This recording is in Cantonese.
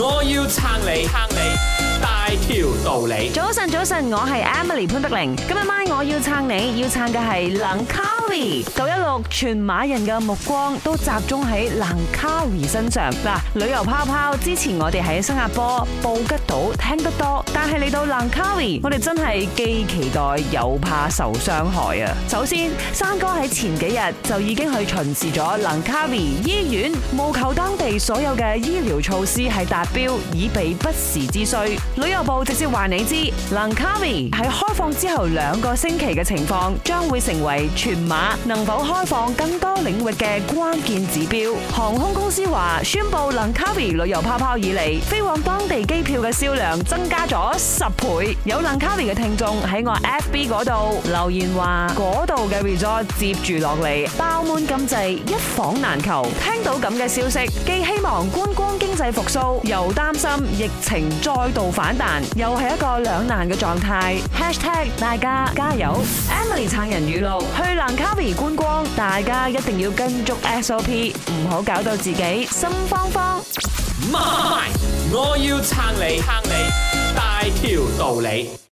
我要撐你撐你大條道理。早晨早晨，我係 Emily 潘德玲。今日晚我要撐你，要撐嘅係 Langkawi。九一六全馬人嘅目光都集中喺 Langkawi 身上嗱。旅遊泡泡之前我哋喺新加坡布吉島聽得多，但係嚟到 Langkawi，我哋真係既期待又怕受傷害啊！首先，山哥喺前幾日就已經去巡視咗 Langkawi 醫院，務求當地所有嘅醫療措施係達。標以備不時之需。旅遊部直接話你知，蘭卡威放之後兩個星期嘅情況將會成為全馬能否開放更多領域嘅關鍵指標。航空公司話宣布 Langkawi 旅遊泡泡以嚟，飛往當地機票嘅銷量增加咗十倍。有 Langkawi 嘅聽眾喺我 FB 嗰度留言話，嗰度嘅 resort 接住落嚟爆滿咁滯，一房難求。聽到咁嘅消息，既希望觀光經濟復甦，又擔心疫情再度反彈，又係一個兩難嘅狀態。大家加油！Emily 撐人語錄，去蘭卡威觀光，大家一定要跟足 SOP，唔好搞到自己心慌慌。我要撐你，撐你大條道理。